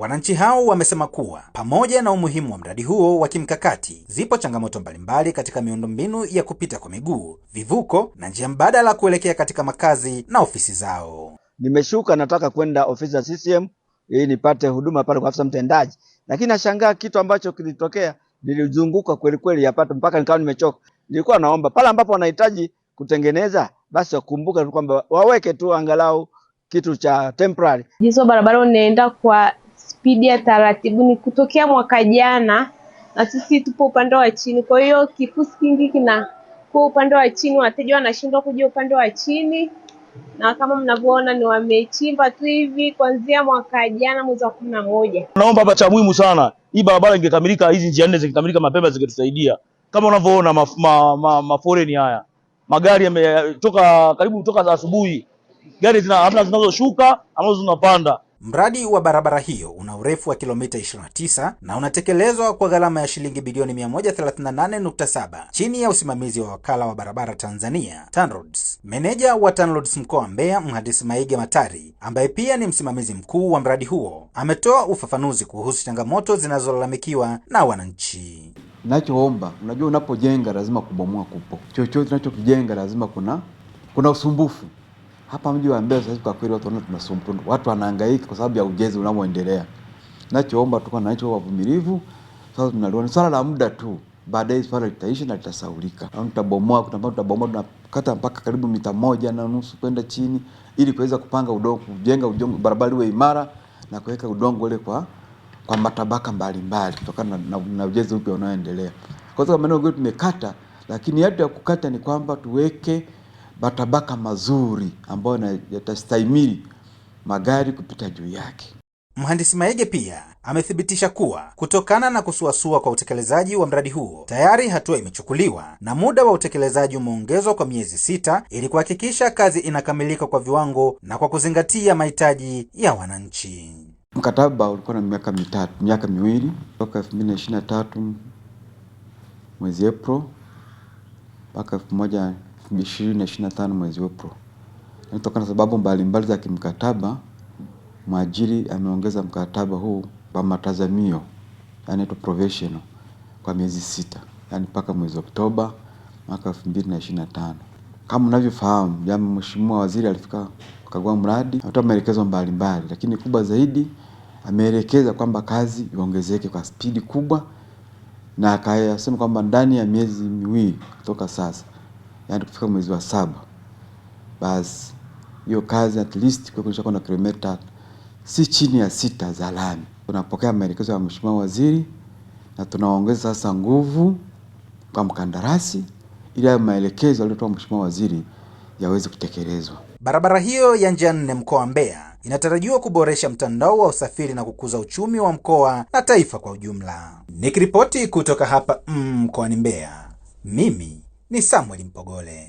Wananchi hao wamesema kuwa pamoja na umuhimu wa mradi huo wa kimkakati, zipo changamoto mbalimbali katika miundombinu ya kupita kwa miguu, vivuko na njia mbadala kuelekea katika makazi na ofisi zao. Nimeshuka nataka kwenda ofisi ya CCM ili nipate huduma pale kwa afisa mtendaji, lakini nashangaa kitu ambacho kilitokea. Nilizunguka kweli kweli yapata mpaka nikawa nimechoka. Nilikuwa naomba pale ambapo wanahitaji kutengeneza, basi wakumbuke kwamba waweke tu angalau kitu cha temporary. Jinsi barabara unaenda kwa spidi ya taratibu ni kutokea mwaka jana, na sisi tupo upande wa chini. Kwa hiyo kifusi kingi kwa upande wa chini, wateja wanashindwa kuja upande wa chini, na kama mnavyoona ni wamechimba tu hivi kuanzia mwaka jana mwezi wa kumi na moja. Naomba hapa cha muhimu sana, hii barabara ingekamilika, hizi njia nne zingekamilika mapema, zingetusaidia kama unavyoona maforeni ma, ma, ma haya magari yametoka karibu toka za asubuhi, gari hamna zinazoshuka ambazo zinapanda Mradi wa barabara hiyo una urefu wa kilomita 29 na unatekelezwa kwa gharama ya shilingi bilioni 138.7 chini ya usimamizi wa wakala wa barabara Tanzania TANROADS. Meneja wa TANROADS mkoa wa Mbeya, mhandisi Maige Matari, ambaye pia ni msimamizi mkuu wa mradi huo, ametoa ufafanuzi kuhusu changamoto zinazolalamikiwa na wananchi. Nachoomba, unajua unapojenga lazima kubomoa kupo. Chochote unachokijenga lazima kuna kuna usumbufu. Hapa mji wa Mbeya sasa kwa kweli watu wana tunasumbuka. Watu wanahangaika kwa sababu ya ujenzi unaoendelea. Nachoomba tu kwa wananchi wavumilivu. Sasa tunaliona swala la muda tu. Baadaye swala litaishi na litasaulika. Au tutabomoa kuna mambo tutabomoa tunakata mpaka karibu mita moja na nusu kwenda chini ili kuweza kupanga udongo, kujenga udongo barabara iwe imara na kuweka udongo ule kwa kwa matabaka mbalimbali kutokana na, na, na ujenzi upya unaoendelea. Kwa sababu maeneo yetu tumekata, lakini hata ya kukata ni kwamba tuweke matabaka mazuri ambayo yatastahimili magari kupita juu yake. Mhandisi Maege pia amethibitisha kuwa kutokana na kusuasua kwa utekelezaji wa mradi huo, tayari hatua imechukuliwa na muda wa utekelezaji umeongezwa kwa miezi sita ili kuhakikisha kazi inakamilika kwa viwango na kwa kuzingatia mahitaji ya wananchi. Mkataba ulikuwa na miaka mitatu, miaka miwili toka 2023 mwezi Aprili mpaka elfu moja 2025 mwezi Aprili. Kutokana na sababu mbalimbali za kimkataba, mwajiri ameongeza mkataba huu kwa matazamio, yani professional kwa miezi sita, yani mpaka mwezi Oktoba mwaka 2025. Kama mnavyofahamu, jambo Mheshimiwa Waziri alifika kagua mradi, atoa maelekezo mbalimbali, lakini kubwa zaidi ameelekeza kwamba kazi iongezeke kwa spidi kubwa, na akayasema kwamba ndani ya miezi miwili kutoka sasa yani kufika mwezi wa saba, basi hiyo kazi at least kunakuwa na kilomita si chini ya sita za lami. Tunapokea maelekezo ya Mheshimiwa Waziri na tunaongeza sasa nguvu kwa mkandarasi ili hayo maelekezo aliyotoa Mheshimiwa Waziri yaweze kutekelezwa. Barabara hiyo ya njia nne mkoa wa Mbeya inatarajiwa kuboresha mtandao wa usafiri na kukuza uchumi wa mkoa na taifa kwa ujumla. Nikiripoti kutoka hapa mm, mkoani mm, Mbeya, mimi ni Samwel Mpogole.